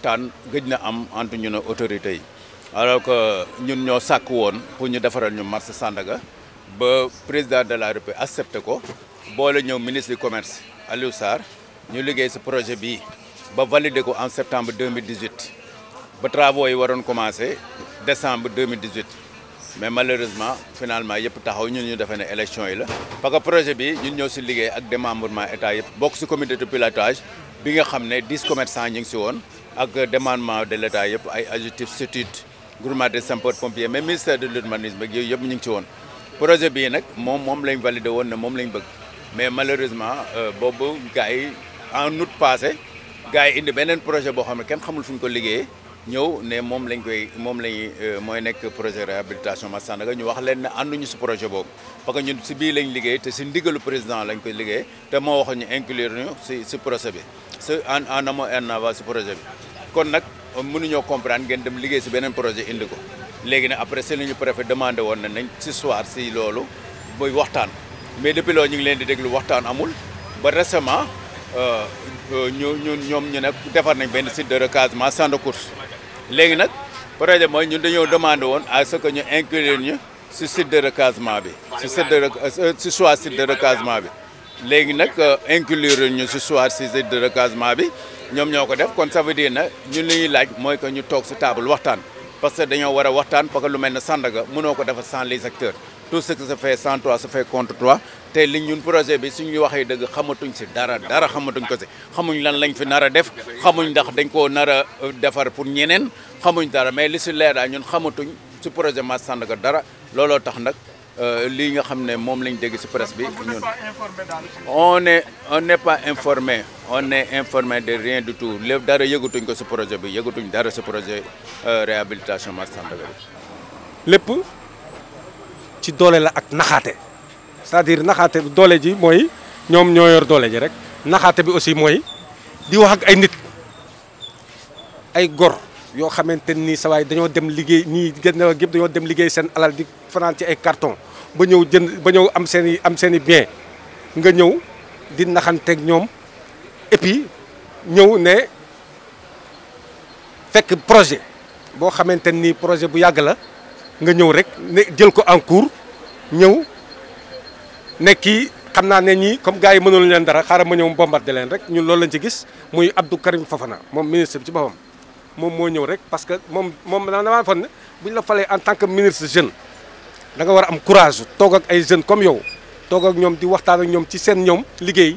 waxtaan gëj na am entre ñun ak autorités yi alors que ñun ñoo sàkk woon pour ñu defaral ñu marché Sandaga ba président de la République accepté ko boole ñëw ministre commerce Aliou Sarr ñu liggéey si projet bii ba validé ko en septembre 2018 ba travaux yi waroon commencé décembre 2018 mais malheureusement finalement yëpp taxaw ñun ñu defee ne élection yi la parce que projet bi ñun ñoo si liggéey ak démembrement état yëpp bokk si comité de pilotage bi nga xam ne dix commerçants ñu ngi si woon ak demandement de l'état yëpp ay adjectifs statut groupement des sapeurs-pompiers mais ministère de l'urbanisme ak yooyu yëpp ñu ngi ci woon projet bi nag moom moom lañ validé woon ne moom lañ bëgg mais malheureusement euh, boobu gars yi en août passé gars yi indi beneen projet boo xam ne kenn xamul fu ñu ko liggéeyee ñëw ne moom lañ koy moom lañ euh, mooy nekk projet réhabilitation Mass Sandaga ñu wax leen ne ànduñu si projet boobu parce que ñun si bii lañ liggéey te si ndigalu président lañ koy liggéey te moo wax ñu inclure ñu si si bi si en en amont en avant projet bi kon nag mënuñoo comprendre ngeen dem liggéey si beneen projet indi ko léegi nag après si lu ñu préfet demandé woon nañ si soir si loolu muy waxtaan mais depuis loolu ñu ngi leen di déglu waxtaan amul ba récemment euh, euh, ñu ñu ñoom ñu ne defar nañ benn site de recasement centre de course léegi nag projet mooy ñun ñëw demandé woon à ce que ñu inclure ñu si site de recasement bi si site de euh, si choix site de recasement bi léegi nag inclure ñu si choix si site de recasement bi ñoom ñoo ko def kon ça na dire ne ñun li ñuy laaj mooy que ñu toog si table waxtaan parce que dañoo war a waxtaan parce lu mel ne Sandaga mënoo ko defar sans les acteurs tout ce qui se fait sans toi se fait contre toi te li ñun projet bi suñu waxee dëgg xamatuñ si dara dara xamatuñ ko si xamuñ lan lañ fi nar a def xamuñ ndax dañ koo nar euh, defar pour ñeneen xamuñ dara mais li si leer daal ñun xamatuñ si projet ma Sandaga dara looloo tax nag euh, lii nga xam ne moom lañ dégg si presse bi ñun on est on n'est pas informé on est informé de rien du tout lépp dara yëgatuñ ko si projet bi yëgatuñ dara si projet euh, réhabilitation Mass Sandaga bi lépp ci doole la ak naxaate c'est-à-dire naxaate bi doole ji mooy ñoom ñoo yor doole ji rek naxaate bi aussi mooy di wax ay nit ay gor yoo xamante nii sa waay dañoo dem liggéey ñii gënna gépp dañoo dem liggéey seen alal fanaan ci ay carton ba ñëw jën ba ñëw am seen i am seen i bien nga ñëw di naxanteeg ñoom et ñëw ne fekk projet boo xamante ni projet bu yàgg la nga ñëw rek ne jël ko en cours ñëw ne kii xam naa ne ñii comme gars yi mënul leen dara xaaral ma ñëw bombardé leen rek ñun lool lañ ci gis muy Abdou Karim Fofana moom ministre bi ci boppam moom moo ñëw rek parce que moom moom damaa foog ne bu ñu la falee en tant que ministre jeune da nga war a am courage toog ak ay jeunes comme yow toog ak ñoom di waxtaan ak ñoom ci seen ñoom liggéey.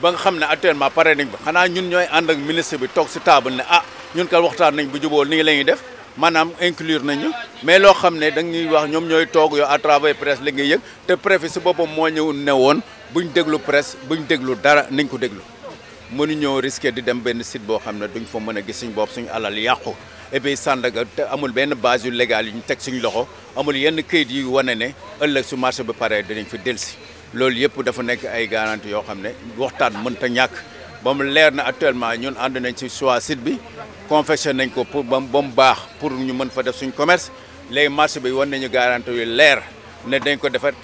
ba nga xam ne actuellement pare nañ ba xanaa ñun ñooy ànd ak ministre bi toog si table ne a ah, ñun kal waxtaan nañ bu juboo nii la ñuy def maanaam inclure nañu mais loo xam ne da ñuy wax ñoom ñooy toog yow à travers presse li nga yëg te préfet si boppam moo ñëw ne woon buñ déglu presse buñ déglu dara nañ ko déglu mënuñoo risqué di dem benn site boo xam ne duñ fa mën a gis suñ bopp suñu alal yàqu et puis Sandaga te amul benn base yu légal yu ñu teg suñu loxo amul yenn këyit yu wane ne ëllëg su marché bi pare dinañ fi delsi loolu yëpp dafa nekk ay garanti yoo xam ne waxtaan mënta ñàkk ba mu leer na actuellement ñun ànd nañ ci choix site bi confection nañ ko pour ba mu baax pour ñu mën fa def suñ commerce léegi marché bi wan nañu garanti yu leer ne dañ ko defar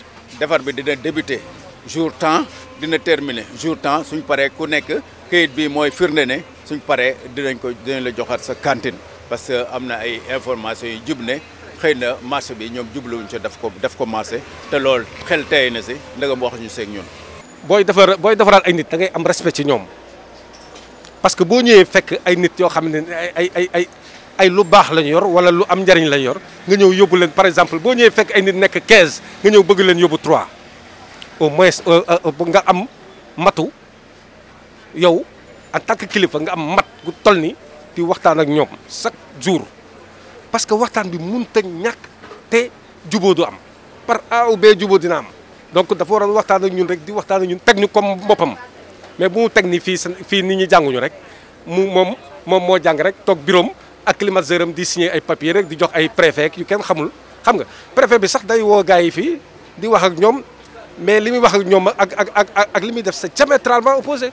defar bi dina débuter jour temps dina terminer jour temps suñ paree ku nekk këyit bi mooy firnde ne suñ paree dinañ ko dinañ la joxat sa cantine parce que am na ay informations yu jub ne xëy na marché bi ñoom jubluwuñ ci daf ko daf ko marché te lool xel tey na si ndegam ñu seek ñun. booy defar booy defaraal ay nit da ngay am respect ci ñoom parce que boo ñëwee fekk ay nit yoo xam ne ay ay ay ay lu baax lañ yor wala lu am njariñ lañ yor nga ñëw yóbbu leen par exemple boo ñëwee fekk ay nit nekk 15 nga ñëw bëgg leen yóbbu 3 au moins euh, euh, nga am matu yow a tant kilifa nga am mat gu toll ni di waxtaan ak ñoom chaque jour. parce que waxtaan bi mun te ñàkk te jubóo du am par A ou B dina am donc dafa waroon waxtaan ak ñun rek di waxtaan ak ñun teg ñu comme boppam mais bu mu teg ni fii fii nit ñi jànguñu rek mu moom moom moo jàng rek toog biroom ak climatiseur am di signer ay papier rek di jox ay préfet yu kenn xamul xam nga préfet bi sax day woo gars yi fii di wax ak ñoom mais li muy wax ak ñoom ak ak ak ak li muy def sa diamétralement opposé